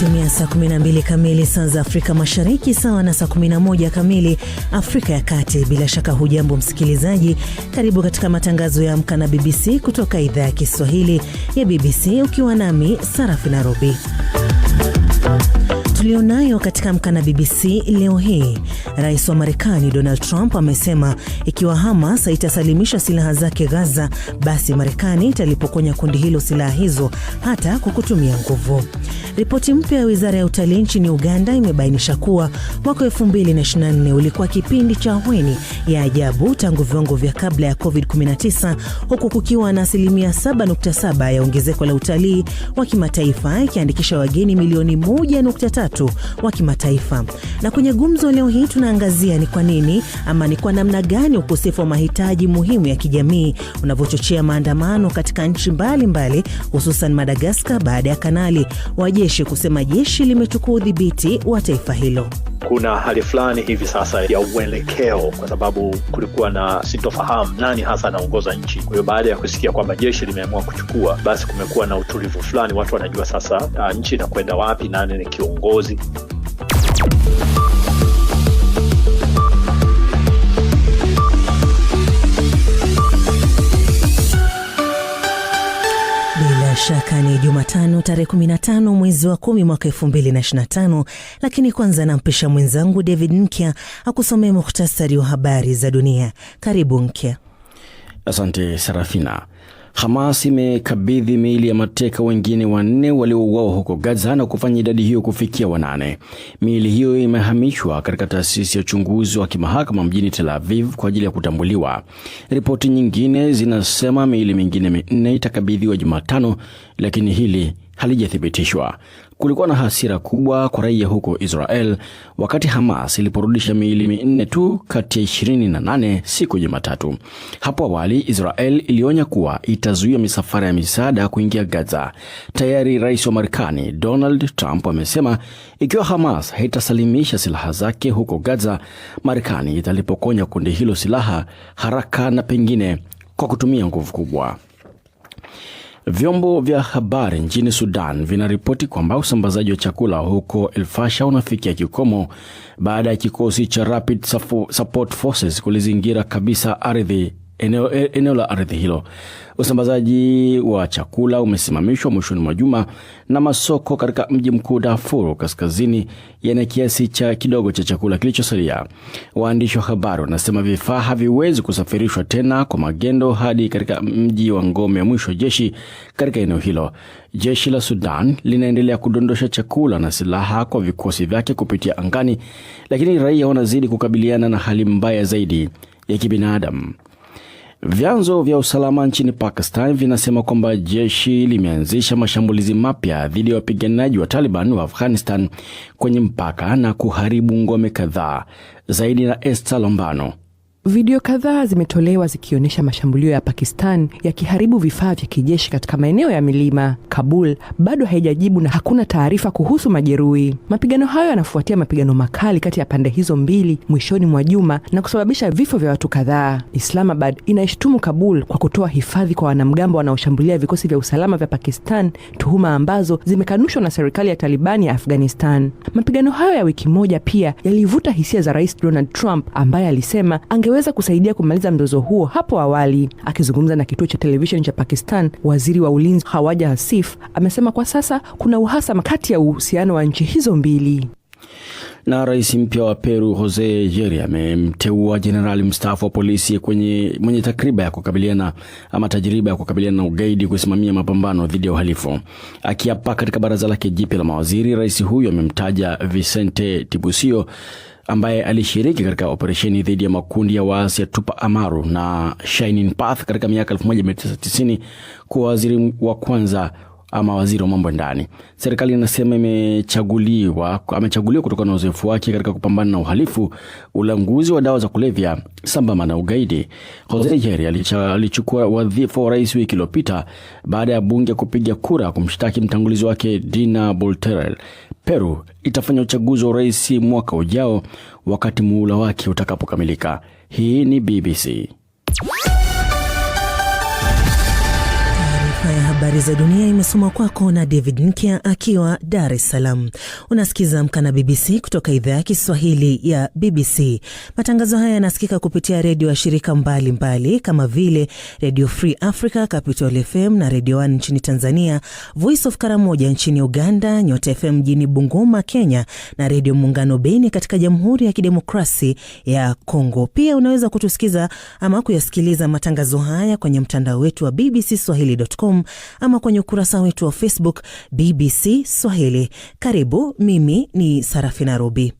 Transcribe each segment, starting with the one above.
Imetimia saa 12 kamili saa za Afrika Mashariki, sawa na saa 11 kamili Afrika ya Kati. Bila shaka, hujambo msikilizaji, karibu katika matangazo ya Amka na BBC kutoka idhaa ya Kiswahili ya BBC, ukiwa nami Sarafina Robi tulionayo katika Mkana BBC leo hii. Rais wa Marekani Donald Trump amesema ikiwa Hamas haitasalimisha silaha zake Gaza, basi Marekani italipokonya kundi hilo silaha hizo hata kwa kutumia nguvu. Ripoti mpya ya wizara ya utalii nchini Uganda imebainisha kuwa mwaka 2024 ulikuwa kipindi cha hweni ya ajabu tangu viwango vya kabla ya COVID-19, huku kukiwa na asilimia 7.7 ya ongezeko la utalii wa kimataifa ikiandikisha wageni milioni 1.3 watu wa kimataifa. Na kwenye gumzo leo hii tunaangazia ni kwa nini ama ni kwa namna gani ukosefu wa mahitaji muhimu ya kijamii unavyochochea maandamano katika nchi mbalimbali, hususan Madagaskar baada ya kanali wa jeshi kusema jeshi limechukua udhibiti wa taifa hilo kuna hali fulani hivi sasa ya uelekeo, kwa sababu kulikuwa na sintofahamu nani hasa anaongoza nchi. Kwa hiyo baada ya kusikia kwamba jeshi limeamua kuchukua, basi kumekuwa na utulivu fulani, watu wanajua sasa ah, nchi inakwenda wapi, nani ni kiongozi. shaka ni Jumatano tarehe 15 mwezi wa kumi mwaka 2025, lakini kwanza nampisha mwenzangu David Nkya akusomee muhtasari wa habari za dunia. Karibu Nkya. Asante sarafina Hamas imekabidhi miili ya mateka wengine wanne waliouawa huko Gaza na kufanya idadi hiyo kufikia wanane. Miili hiyo imehamishwa katika taasisi ya uchunguzi wa kimahakama mjini Tel Aviv kwa ajili ya kutambuliwa. Ripoti nyingine zinasema miili mingine minne itakabidhiwa Jumatano, lakini hili halijathibitishwa. Kulikuwa na hasira kubwa kwa raia huko Israel wakati Hamas iliporudisha miili minne tu kati ya 28 na siku ya Jumatatu. Hapo awali Israel ilionya kuwa itazuia misafara ya misaada kuingia Gaza. Tayari rais wa Marekani Donald Trump amesema ikiwa Hamas haitasalimisha silaha zake huko Gaza, Marekani italipokonya kundi hilo silaha haraka na pengine kwa kutumia nguvu kubwa. Vyombo vya habari nchini Sudan vinaripoti kwamba usambazaji wa chakula huko El Fasher unafikia kikomo baada ya kikosi cha Rapid Support Forces kulizingira kabisa ardhi eneo, e, eneo la ardhi hilo. Usambazaji wa chakula umesimamishwa mwishoni mwa juma na masoko katika mji mkuu Darfur kaskazini yana kiasi cha kidogo cha chakula kilichosalia. Waandishi wa habari wanasema vifaa haviwezi kusafirishwa tena kwa magendo hadi katika mji wa ngome ya mwisho jeshi katika eneo hilo. Jeshi la Sudan linaendelea kudondosha chakula na silaha kwa vikosi vyake kupitia angani, lakini raia wanazidi kukabiliana na hali mbaya zaidi ya kibinadamu. Vyanzo vya usalama nchini Pakistan vinasema kwamba jeshi limeanzisha mashambulizi mapya dhidi ya wapiganaji wa Taliban wa Afghanistan kwenye mpaka na kuharibu ngome kadhaa. Zaidi na esta Lombano. Video kadhaa zimetolewa zikionyesha mashambulio ya Pakistan yakiharibu vifaa vya kijeshi katika maeneo ya milima. Kabul bado haijajibu na hakuna taarifa kuhusu majeruhi. Mapigano hayo yanafuatia mapigano makali kati ya pande hizo mbili mwishoni mwa juma na kusababisha vifo vya watu kadhaa. Islamabad inaishtumu Kabul kwa kutoa hifadhi kwa wanamgambo wanaoshambulia vikosi vya usalama vya Pakistan, tuhuma ambazo zimekanushwa na serikali ya Talibani ya Afghanistan. Mapigano hayo ya wiki moja pia yalivuta hisia za Rais Donald Trump ambaye alisema angeweza yangeweza kusaidia kumaliza mzozo huo hapo awali. Akizungumza na kituo cha televisheni cha Pakistan, waziri wa ulinzi hawaja Hasif amesema kwa sasa kuna uhasama kati ya uhusiano wa nchi hizo mbili. Na rais mpya wa Peru Jose Jeri amemteua jenerali mstaafu wa polisi kwenye, mwenye takriba ya kukabiliana ama tajiriba ya kukabiliana na ugaidi kusimamia mapambano dhidi ya uhalifu. Akiapa katika baraza lake jipya la mawaziri, rais huyo amemtaja Vicente Tibusio ambaye alishiriki katika operesheni dhidi ya makundi ya waasi ya Tupa Amaru na Shining Path katika miaka 1990 kuwa waziri wa kwanza ama waziri wa mambo ya ndani. Serikali inasema imechaguliwa amechaguliwa kutokana na uzoefu wake katika kupambana na uhalifu, ulanguzi wa dawa za kulevya sambamba na ugaidi. Jose Jeri alichukua wadhifa wa rais wiki iliyopita baada ya bunge kupiga kura kumshtaki mtangulizi wake Dina Bolterel. Peru itafanya uchaguzi wa urais mwaka ujao wakati muhula wake utakapokamilika. Hii ni BBC. Habari za dunia imesoma kwako na David Nkya akiwa Dar es Salaam. Unasikiza Amka na BBC kutoka idhaa ya Kiswahili ya BBC. Matangazo haya yanasikika kupitia redio ya shirika mbalimbali mbali, kama vile Redio Free Africa, Capital FM na Redio One nchini Tanzania, Voice of Karamoja nchini Uganda, Nyota FM mjini Bungoma, Kenya na Redio Muungano Beni katika Jamhuri ya Kidemokrasi ya Kongo. Pia unaweza kutusikiza ama kuyasikiliza matangazo haya kwenye mtandao wetu wa bbcswahili.com ama kwenye ukurasa wetu wa Facebook BBC Swahili. Karibu, mimi ni Sarafina Rubi.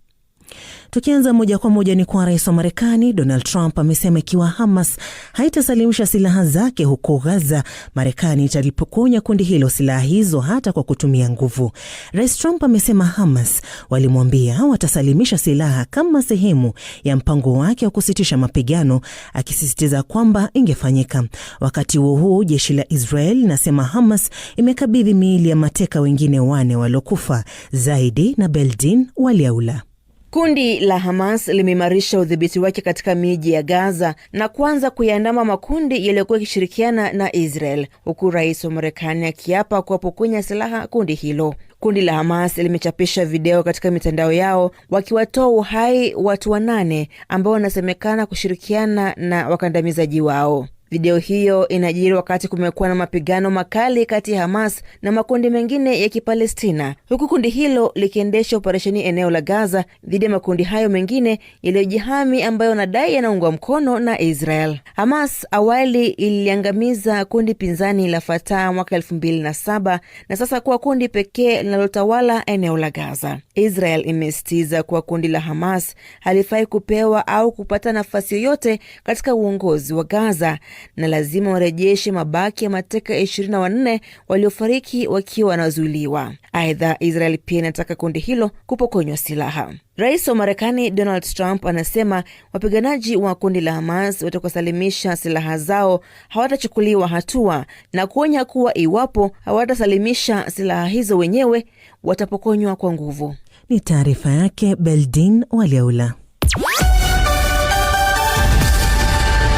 Tukianza moja kwa moja ni kwa rais wa Marekani Donald Trump amesema ikiwa Hamas haitasalimisha silaha zake huko Gaza, Marekani italipokonya kundi hilo silaha hizo hata kwa kutumia nguvu. Rais Trump amesema Hamas walimwambia watasalimisha silaha kama sehemu ya mpango wake wa kusitisha mapigano, akisisitiza kwamba ingefanyika. Wakati huo huo, jeshi la Israel linasema Hamas imekabidhi miili ya mateka wengine wane waliokufa Zaidi na Beldin Waliaula. Kundi la Hamas limeimarisha udhibiti wake katika miji ya Gaza na kuanza kuyaandama makundi yaliyokuwa yakishirikiana na Israel, huku rais wa Marekani akiapa kuwapokonya silaha kundi hilo. Kundi la Hamas limechapisha video katika mitandao yao wakiwatoa uhai watu wanane ambao wanasemekana kushirikiana na wakandamizaji wao. Video hiyo inajiri wakati kumekuwa na mapigano makali kati ya Hamas na makundi mengine ya Kipalestina, huku kundi hilo likiendesha operesheni eneo la Gaza dhidi ya makundi hayo mengine yaliyojihami ambayo wanadai yanaungwa mkono na Israel. Hamas awali iliangamiza kundi pinzani la Fatah mwaka elfu mbili na saba na sasa kuwa kundi pekee linalotawala eneo la Gaza. Israel imesitiza kuwa kundi la Hamas halifai kupewa au kupata nafasi yoyote katika uongozi wa Gaza na lazima warejeshe mabaki ya mateka ishirini na wanne waliofariki wakiwa wanazuiliwa. Aidha, Israel pia inataka kundi hilo kupokonywa silaha. Rais wa Marekani Donald Trump anasema wapiganaji wa kundi la Hamas watakaosalimisha silaha zao hawatachukuliwa hatua na kuonya kuwa iwapo hawatasalimisha silaha hizo wenyewe watapokonywa kwa nguvu. لتعرف بلدين ولوله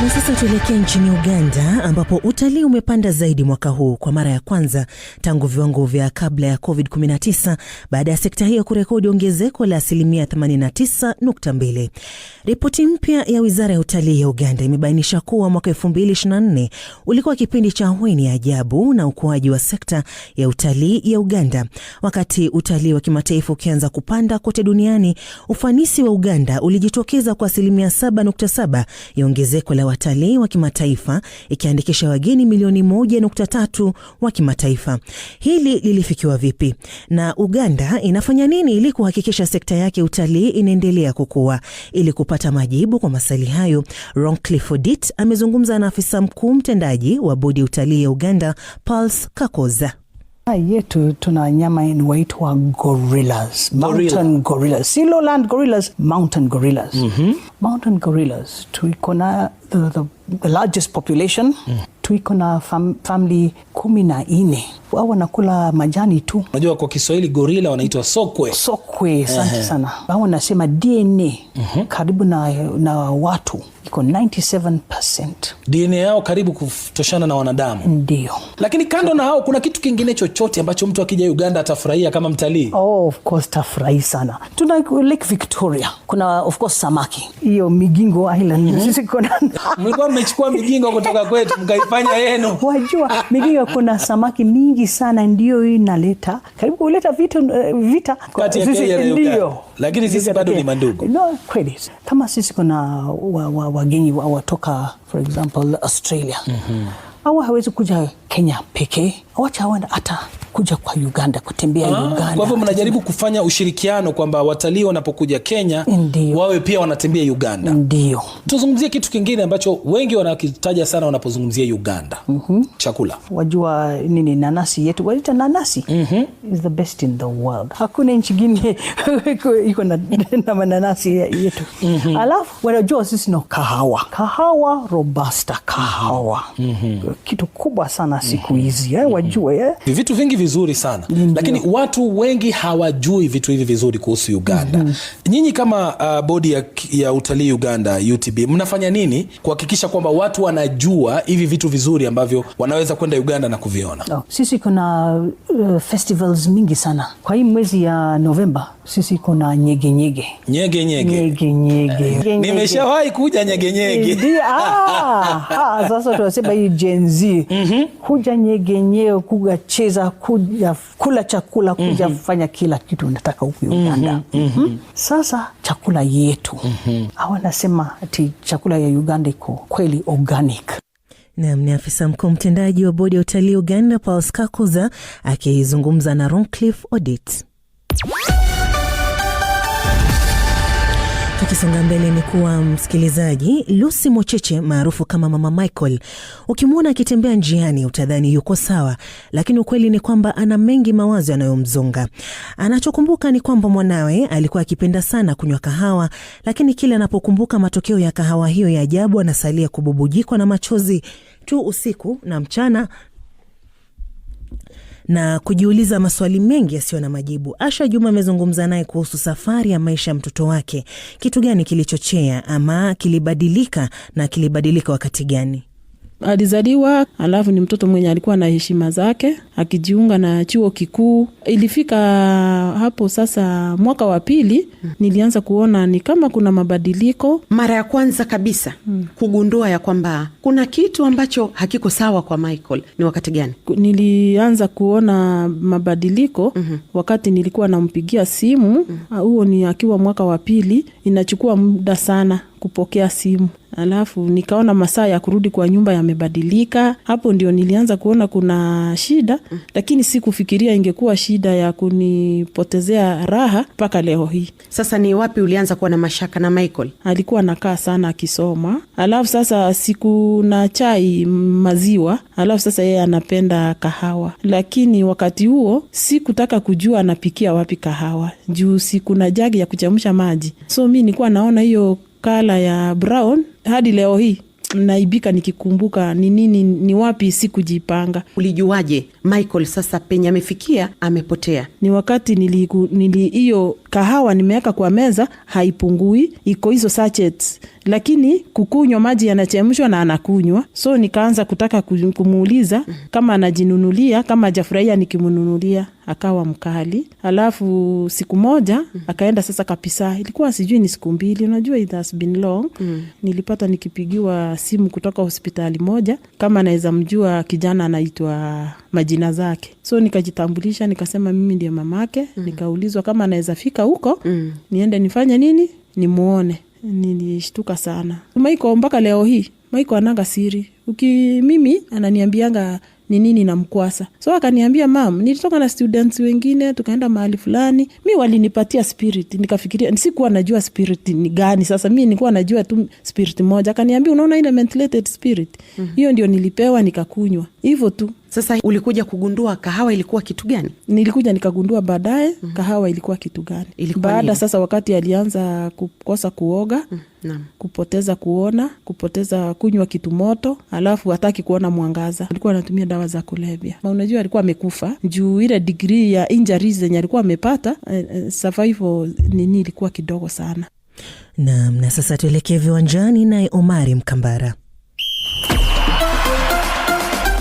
Na sasa tuelekee nchini Uganda ambapo utalii umepanda zaidi mwaka huu kwa mara ya kwanza tangu viwango vya kabla ya COVID-19 baada ya sekta hiyo kurekodi ongezeko la asilimia 89.2. Ripoti mpya ya Wizara ya Utalii ya Uganda imebainisha kuwa mwaka 224 ulikuwa kipindi cha hweni ya ajabu na ukuaji wa sekta ya utalii ya Uganda. Wakati utalii wa kimataifa ukianza kupanda kote duniani, ufanisi wa Uganda ulijitokeza kwa asilimia 7.7 ya ongezeko la watalii wa kimataifa ikiandikisha wageni milioni 1.3 wa kimataifa. Hili lilifikiwa vipi na Uganda inafanya nini ili kuhakikisha sekta yake utalii inaendelea kukua? Ili kupata majibu kwa maswali hayo, Roncliffe Odit amezungumza na afisa mkuu mtendaji wa bodi ya utalii ya Uganda, Pals Kakoza hapa yetu tuna wanyama inaitwa gorillas, mountain gorillas, si lowland gorillas, mountain gorillas. Mm -hmm. Mountain gorillas tuiko na the, the largest population mm. Tuiko na fam, family kumi na nne wao wanakula majani tu. Unajua kwa Kiswahili gorila wanaitwa sokwe. Sokwe, asante sana. Wao wanasema DNA mm -hmm. Karibu na, na watu iko 97%. DNA yao karibu kutoshana na wanadamu. Ndio. Lakini kando so, na hao kuna kitu kingine chochote ambacho mtu akija Uganda atafurahia kama mtalii? Oh, of course tafurahi sana. Tuna Lake Victoria. Kuna of course samaki. Hiyo Migingo Island. Mhm. Sisi kuna mmechukua migingo kutoka kwetu mkaifanya yenu. Wajua migingo kuna samaki mingi sana, ndio hii inaleta karibu kuleta eh, vita, vita. Ndio, lakini sisi bado ni mandugu. No, kweli kama sisi kuna wageni wa, wa watoka for example Australia mm -hmm. Au hawezi kuja Kenya pekee, wacha wenda hata kuja kwa Uganda kutembea ah, Uganda. Kwa hivyo mnajaribu kufanya ushirikiano kwamba watalii wanapokuja Kenya Ndiyo. wawe pia wanatembea Uganda. Ndio. Tuzungumzie kitu kingine ambacho wengi wanakitaja sana wanapozungumzia Uganda. mm -hmm. Chakula wajua nini, nanasi yetu walita nanasi mm -hmm. is the best in the world. Hakuna nchi nyingine iko na, na mananasi yetu mm -hmm. Alafu wanajua sisi no kahawa, kahawa robusta, kahawa mm -hmm. kitu kubwa sana siku mhm. hizi mm -hmm. eh, wajua eh. vitu vingi vizuri sana Ndiyo. Lakini watu wengi hawajui vitu hivi vizuri kuhusu Uganda mm -hmm. Nyinyi kama uh, bodi ya, ya utalii Uganda UTB mnafanya nini kuhakikisha kwamba watu wanajua hivi vitu vizuri ambavyo wanaweza kwenda Uganda na kuviona? oh, Sisi kuna uh, festivals mingi sana kwa hii mwezi ya Novemba sisi kuna nyege nyege nyege nyege nyege, eh, nimeshawahi kuja nyege eh, nyege. Ah, ah, ah, sasa tunasema hii Gen Z mhm. kuja nyege nyege, kuja cheza, kuja kula chakula, mhm. kuja fanya kila kitu nataka huku mhm, Uganda. Sasa chakula yetu au anasema ati chakula ya Uganda iko kweli organic. Nam ni afisa mkuu mtendaji wa bodi ya utalii Uganda, Paul Skakuza akizungumza na Roncliffe Audit. Tukisonga mbele ni kuwa msikilizaji, lusi Mocheche maarufu kama Mama Michael, ukimwona akitembea njiani utadhani yuko sawa, lakini ukweli ni kwamba ana mengi mawazo yanayomzunga Anachokumbuka ni kwamba mwanawe alikuwa akipenda sana kunywa kahawa, lakini kila anapokumbuka matokeo ya kahawa hiyo ya ajabu, anasalia kububujikwa na machozi tu usiku na mchana na kujiuliza maswali mengi yasiyo na majibu. Asha Juma amezungumza naye kuhusu safari ya maisha ya mtoto wake. Kitu gani kilichochea ama kilibadilika na kilibadilika wakati gani? Alizaliwa alafu ni mtoto mwenye alikuwa na heshima zake, akijiunga na chuo kikuu. Ilifika hapo sasa, mwaka wa pili nilianza kuona ni kama kuna mabadiliko. Mara ya kwanza kabisa hmm, kugundua ya kwamba kuna kitu ambacho hakiko sawa kwa Michael ni wakati gani? Nilianza kuona mabadiliko -hmm, wakati nilikuwa nampigia simu mhm. huo, -hmm, ni akiwa mwaka wa pili. Inachukua muda sana kupokea simu, alafu nikaona masaa ya kurudi kwa nyumba yamebadilika. Hapo ndio nilianza kuona kuna shida, lakini sikufikiria ingekuwa shida ya kunipotezea raha mpaka leo hii. Sasa ni wapi ulianza kuwa na mashaka na Michael? Alikuwa nakaa sana akisoma, alafu sasa siku na chai maziwa, alafu sasa yeye anapenda kahawa, lakini wakati huo sikutaka kujua anapikia wapi kahawa juu na jagi ya kuchemsha maji, so mi nilikuwa naona hiyo kala ya brown hadi leo hii naibika nikikumbuka ni nini, ni wapi sikujipanga. Ulijuaje Michael sasa penye amefikia amepotea? Ni wakati nili hiyo Kahawa nimeweka kwa meza haipungui, iko hizo sachets, lakini kukunywa maji yanachemshwa na anakunywa. So nikaanza kutaka kumuuliza kama anajinunulia, kama ajafurahia nikimununulia akawa mkali. Alafu siku moja akaenda sasa kapisa, ilikuwa sijui ni siku mbili, unajua it has been long. Mm. Nilipata nikipigiwa simu kutoka hospitali moja, kama anaweza mjua kijana anaitwa majina zake. So nikajitambulisha, nikasema mimi ndio mamake. mm. Nikaulizwa kama anaweza fika huko mm. niende nifanye nini, nimwone. Nilishtuka sana. Maiko mpaka leo hii Maiko ananga siri uki mimi ananiambianga ni nini namkwasa. So akaniambia mam, nilitoka na students wengine tukaenda mahali fulani, mi walinipatia spirit, nikafikiria sikuwa najua spirit ni gani. Sasa mi nikuwa najua tu spirit moja, akaniambia unaona ile methylated spirit mm hiyo ndio nilipewa nikakunywa hivyo tu. Sasa ulikuja kugundua kahawa ilikuwa kitu gani? Nilikuja nikagundua baadaye mm -hmm. kahawa ilikuwa kitu gani baada sasa, wakati alianza kukosa kuoga mm -hmm na kupoteza kuona, kupoteza kunywa kitu moto, alafu hataki kuona mwangaza. Alikuwa anatumia dawa za kulevya, unajua alikuwa amekufa juu ile digri ya injari zenye alikuwa amepata, eh, eh, survival nini ilikuwa kidogo sana. nam na sasa tuelekee viwanjani naye Omari Mkambara.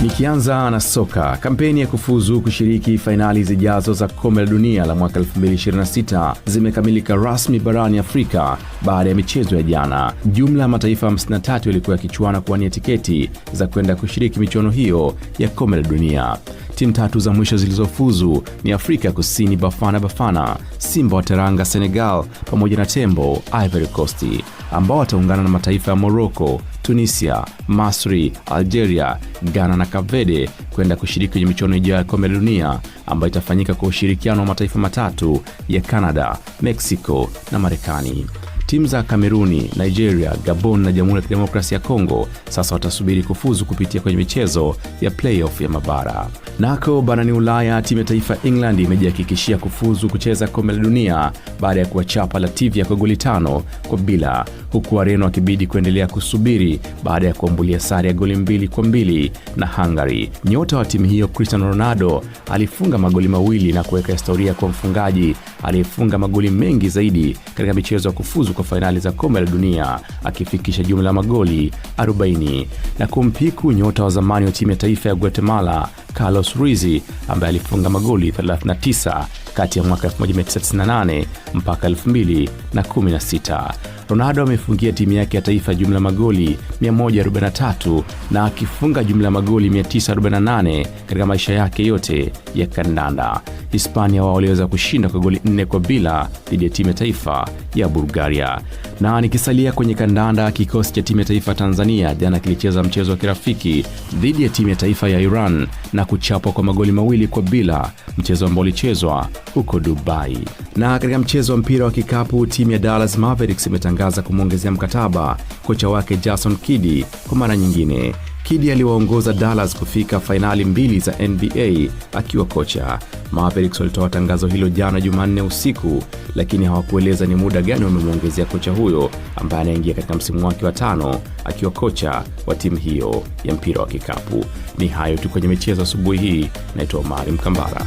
Nikianza na soka, kampeni ya kufuzu kushiriki fainali zijazo za kombe la dunia la mwaka 226 zimekamilika rasmi barani Afrika baada ya michezo ya jana. Jumla ya mataifa 53 yalikuwa yakichuana kuwania tiketi za kwenda kushiriki michuano hiyo ya kombe la dunia. Timu tatu za mwisho zilizofuzu ni Afrika Kusini, Bafana Bafana, Simba wa Teranga Senegal, pamoja na Tembo Ivory Coast, ambao wataungana na mataifa ya Morocco, Tunisia, masri Algeria, Ghana na Kavede kwenda kushiriki kwenye michuano ijayo ya kombe la dunia ambayo itafanyika kwa ushirikiano wa mataifa matatu ya Canada, Mexico na Marekani. Timu za Kameruni, Nigeria, Gabon na Jamhuri ya Kidemokrasia ya Kongo sasa watasubiri kufuzu kupitia kwenye michezo ya playoff ya mabara. Nako barani Ulaya, timu ya taifa England imejihakikishia kufuzu kucheza kombe la dunia baada ya kuwachapa Latvia kwa goli tano kwa bila, huku Wareno wakibidi kuendelea kusubiri baada ya kuambulia sare ya goli mbili kwa mbili na Hungary. Nyota wa timu hiyo Cristiano Ronaldo alifunga magoli mawili na kuweka historia kwa mfungaji aliyefunga magoli mengi zaidi katika michezo ya kufuzu kwa fainali za kombe la dunia akifikisha jumla ya magoli 40 na kumpiku nyota wa zamani wa timu ya taifa ya Guatemala Carlos Ruiz ambaye alifunga magoli 39 kati ya mwaka 1998 mpaka 2016. Ronaldo amefungia timu yake ya taifa jumla magoli 143 na akifunga jumla ya magoli 948 katika maisha yake yote ya kandanda. Hispania wao waliweza kushinda kwa goli nne kwa bila dhidi ya timu ya taifa ya Bulgaria. Na nikisalia kwenye kandanda, kikosi cha timu ya taifa Tanzania jana kilicheza mchezo wa kirafiki dhidi ya timu ya taifa ya Iran na kuchapwa kwa magoli mawili kwa bila, mchezo ambao ulichezwa huko Dubai. Na katika mchezo wa mpira wa kikapu, timu ya Dallas Mavericks imetangaza kumwongezea mkataba kocha wake Jason Kidd kwa mara nyingine. Kidi aliwaongoza Dallas kufika fainali mbili za NBA akiwa kocha. Mavericks walitoa tangazo hilo jana Jumanne usiku, lakini hawakueleza ni muda gani wamemwongezea kocha huyo ambaye anaingia katika msimu wake wa tano akiwa kocha wa timu hiyo ya mpira wa kikapu. Ni hayo tu kwenye michezo asubuhi hii. Naitwa Omari Mkambara.